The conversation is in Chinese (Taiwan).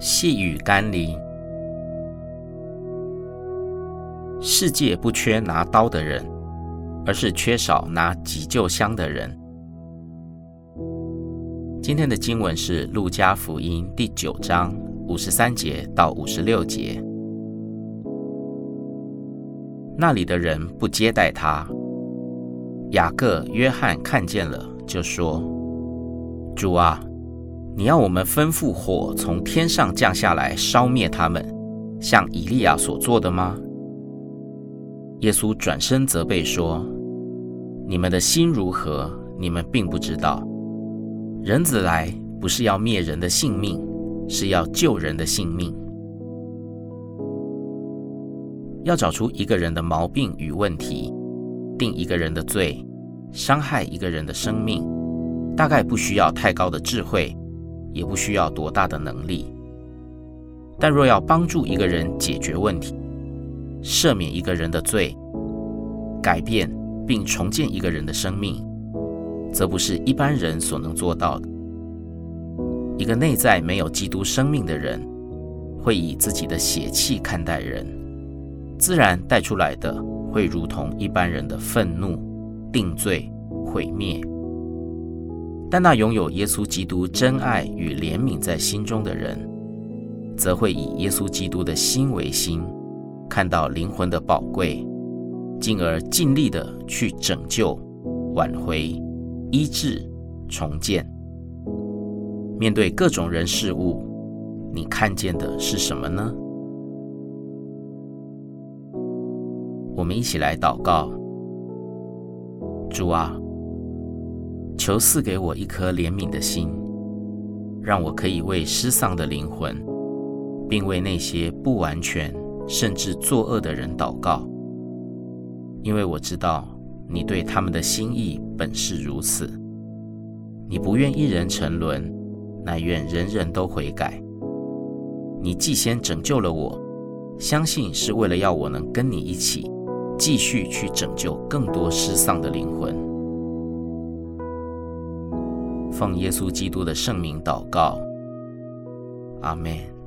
細語甘霖。世界不缺拿刀的人，而是缺少拿急救箱的人。今天的經文是《路加福音》第九章五十三節到五十六節。那裡的人不接待他。雅各、約翰看見了，就說：“主啊！”你要我們吩咐火從天上降下來燒滅他們，像以利亞所做的嗎？耶穌轉身責備說：“你們的心如何，你們並不知道。人子來不是要滅人的性命，是要救人的性命。要找出一個人的毛病與問題，定一個人的罪，傷害一個人的生命，大概不需要太高的智慧。”也不需要多大的能力，但若要幫助一個人解決問題、赦免一個人的罪、改變並重建一個人的生命，則不是一般人所能做到的。一個內在沒有基督生命的人，會以自己的血氣看待人，自然帶出來的會如同一般人的憤怒、定罪、毀滅。但那擁有耶穌基督真愛與憐憫在心中的人，則會以耶穌基督的心為心，看到靈魂的寶貴，進而盡力地去拯救、挽回、醫治、重建。面對各種人事物，你看見的是什麼呢？我們一起來禱告：主啊。求賜給我一顆憐憫的心，讓我可以為失喪的靈魂，並為那些不完全、甚至作惡的人禱告。因為我知道你對他們的心意本是如此，你不願一人沉淪，乃願人人都悔改。你既先拯救了我，相信是為了要我能跟你一起，繼續去拯救更多失喪的靈魂。奉耶穌基督的聖名禱告，阿門。